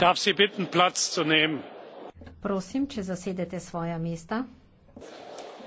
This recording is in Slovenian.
darf sie bitten platz zu nehmen prosim če zasedete svoja mesta